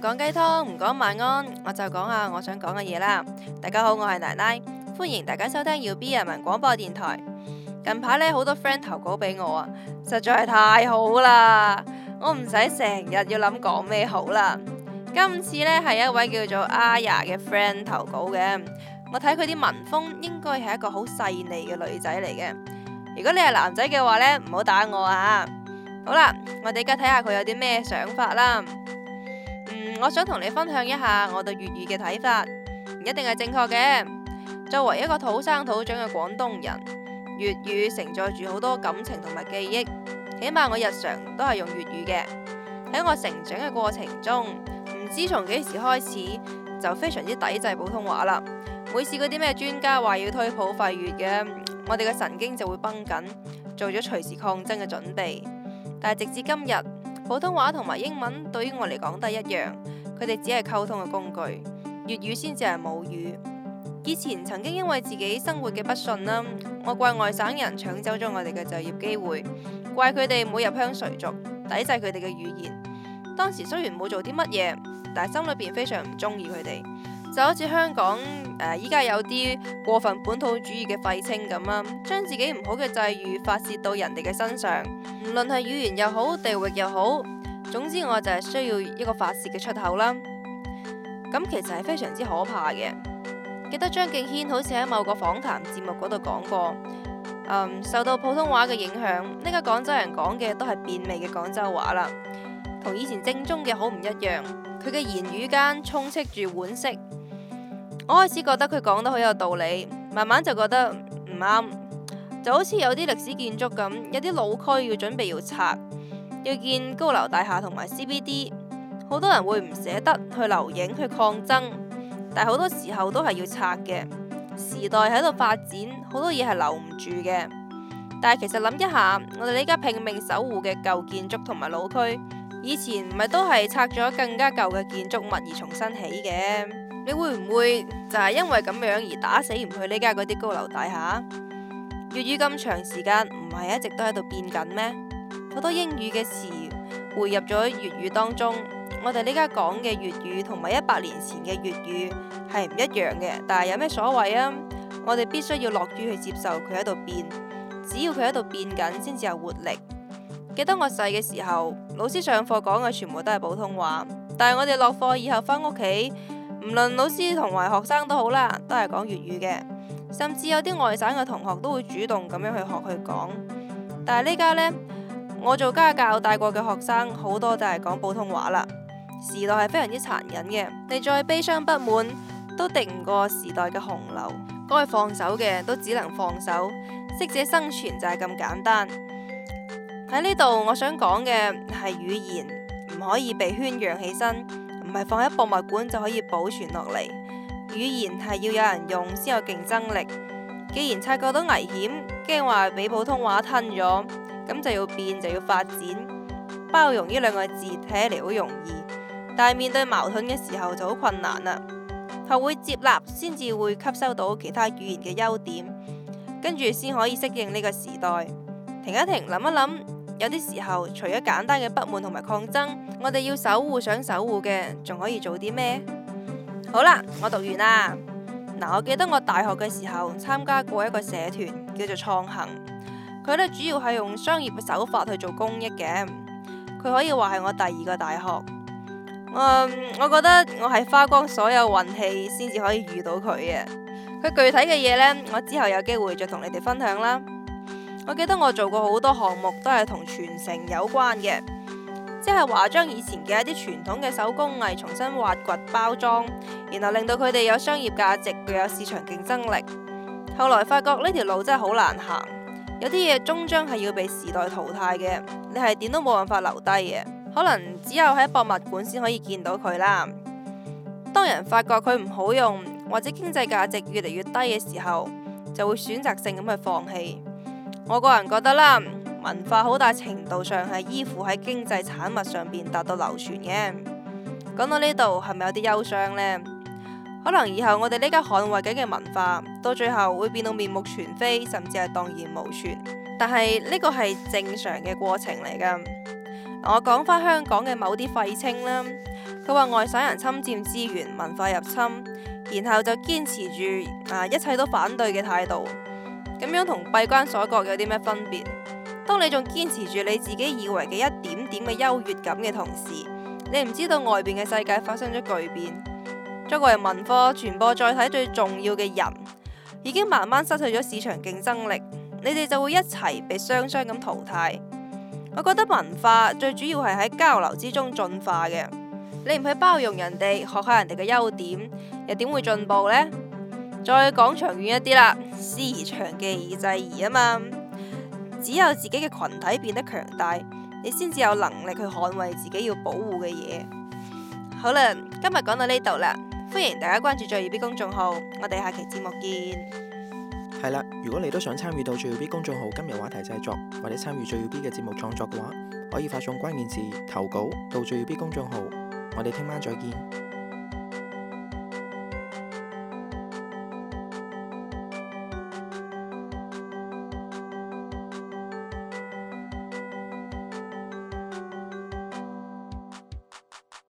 講雞湯唔講晚安，我就講下我想講嘅嘢啦。大家好，我係奶奶，歡迎大家收聽耀 B 人民廣播電台。近排呢，好多 friend 投稿俾我啊，實在係太好啦，我唔使成日要諗講咩好啦。今次呢，係一位叫做阿雅嘅 friend 投稿嘅，我睇佢啲文風應該係一個好細膩嘅女仔嚟嘅。如果你係男仔嘅話呢，唔好打我啊！好啦，我哋而家睇下佢有啲咩想法啦。我想同你分享一下我對粵語嘅睇法，唔一定係正確嘅。作為一個土生土長嘅廣東人，粵語承載住好多感情同埋記憶。起碼我日常都係用粵語嘅。喺我成長嘅過程中，唔知從幾時開始就非常之抵制普通話啦。每次嗰啲咩專家話要推普廢粵嘅，我哋嘅神經就會繃緊，做咗隨時抗爭嘅準備。但係直至今日。普通話同埋英文對於我嚟講都係一樣，佢哋只係溝通嘅工具，粵語先至係母語。以前曾經因為自己生活嘅不順啦，我怪外省人搶走咗我哋嘅就業機會，怪佢哋冇入鄉隨俗，抵制佢哋嘅語言。當時雖然冇做啲乜嘢，但係心裏邊非常唔中意佢哋。就好似香港誒依家有啲過分本土主義嘅廢青咁啦，啊，將自己唔好嘅際遇發泄到人哋嘅身上，無論係語言又好，地域又好，總之我就係需要一個發泄嘅出口啦。咁其實係非常之可怕嘅。記得張敬軒好似喺某個訪談節目嗰度講過，嗯，受到普通話嘅影響，呢個廣州人講嘅都係變味嘅廣州話啦，同以前正宗嘅好唔一樣，佢嘅言語間充斥住惋惜。我開始覺得佢講得好有道理，慢慢就覺得唔啱，就好似有啲歷史建築咁，有啲老區要準備要拆，要建高樓大廈同埋 CBD，好多人會唔捨得去留影去抗爭，但係好多時候都係要拆嘅。時代喺度發展，好多嘢係留唔住嘅。但係其實諗一下，我哋呢家拼命守護嘅舊建築同埋老區，以前唔係都係拆咗更加舊嘅建築物而重新起嘅？你會唔會就係因為咁樣而打死唔去呢家嗰啲高樓大廈？粵語咁長時間唔係一直都喺度變緊咩？好多英語嘅詞彙入咗粵語當中，我哋呢家講嘅粵語同埋一百年前嘅粵語係唔一樣嘅，但係有咩所謂啊？我哋必須要樂於去接受佢喺度變，只要佢喺度變緊先至有活力。記得我細嘅時候，老師上課講嘅全部都係普通話，但係我哋落課以後返屋企。唔論老師同埋學生都好啦，都係講粵語嘅，甚至有啲外省嘅同學都會主動咁樣去學佢講。但係呢家呢，我做家教帶過嘅學生好多就係講普通話啦。時代係非常之殘忍嘅，你再悲傷不滿，都敵唔過時代嘅洪流。該放手嘅都只能放手，適者生存就係咁簡單。喺呢度我想講嘅係語言唔可以被圈養起身。唔係放喺博物館就可以保存落嚟。語言係要有人用先有競爭力。既然察覺到危險，驚話俾普通話吞咗，咁就要變，就要發展。包容呢兩個字睇起嚟好容易，但係面對矛盾嘅時候就好困難啦。學會接納，先至會吸收到其他語言嘅優點，跟住先可以適應呢個時代。停一停，諗一諗。有啲時候，除咗簡單嘅不滿同埋抗爭，我哋要守護想守護嘅，仲可以做啲咩？好啦，我讀完啦。嗱，我記得我大學嘅時候參加過一個社團，叫做創行。佢咧主要係用商業嘅手法去做公益嘅。佢可以話係我第二個大學。嗯，我覺得我係花光所有運氣先至可以遇到佢嘅。佢具體嘅嘢呢，我之後有機會再同你哋分享啦。我記得我做過好多項目，都係同傳承有關嘅，即係話將以前嘅一啲傳統嘅手工藝重新挖掘包裝，然後令到佢哋有商業價值，具有市場競爭力。後來發覺呢條路真係好難行，有啲嘢終將係要被時代淘汰嘅，你係點都冇辦法留低嘅，可能只有喺博物館先可以見到佢啦。當人發覺佢唔好用，或者經濟價值越嚟越低嘅時候，就會選擇性咁去放棄。我個人覺得啦，文化好大程度上係依附喺經濟產物上邊達到流傳嘅。講到呢度，係咪有啲憂傷呢？可能以後我哋呢家捍衞緊嘅文化，到最後會變到面目全非，甚至係蕩然無存。但係呢個係正常嘅過程嚟㗎。我講返香港嘅某啲廢青啦，佢話外省人侵佔資源、文化入侵，然後就堅持住啊一切都反對嘅態度。咁樣同閉關鎖國有啲咩分別？當你仲堅持住你自己以為嘅一點點嘅優越感嘅同時，你唔知道外邊嘅世界發生咗巨變。作為文科傳播載體最重要嘅人，已經慢慢失去咗市場競爭力，你哋就會一齊被雙雙咁淘汰。我覺得文化最主要係喺交流之中進化嘅，你唔去包容人哋，學下人哋嘅優點，又點會進步呢？再講長遠一啲啦，施而長技而制宜啊嘛，只有自己嘅群體變得強大，你先至有能力去捍衛自己要保護嘅嘢。好啦，今日講到呢度啦，歡迎大家關注最耀 B 公衆號，我哋下期節目見。係啦，如果你都想參與到最耀 B 公衆號今日話題製作，或者參與最耀 B 嘅節目創作嘅話，可以發送關鍵字投稿到最耀 B 公衆號，我哋聽晚再見。